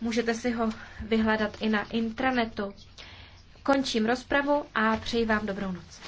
můžete si ho vyhledat i na intranetu. Končím rozpravu a přeji vám dobrou noc.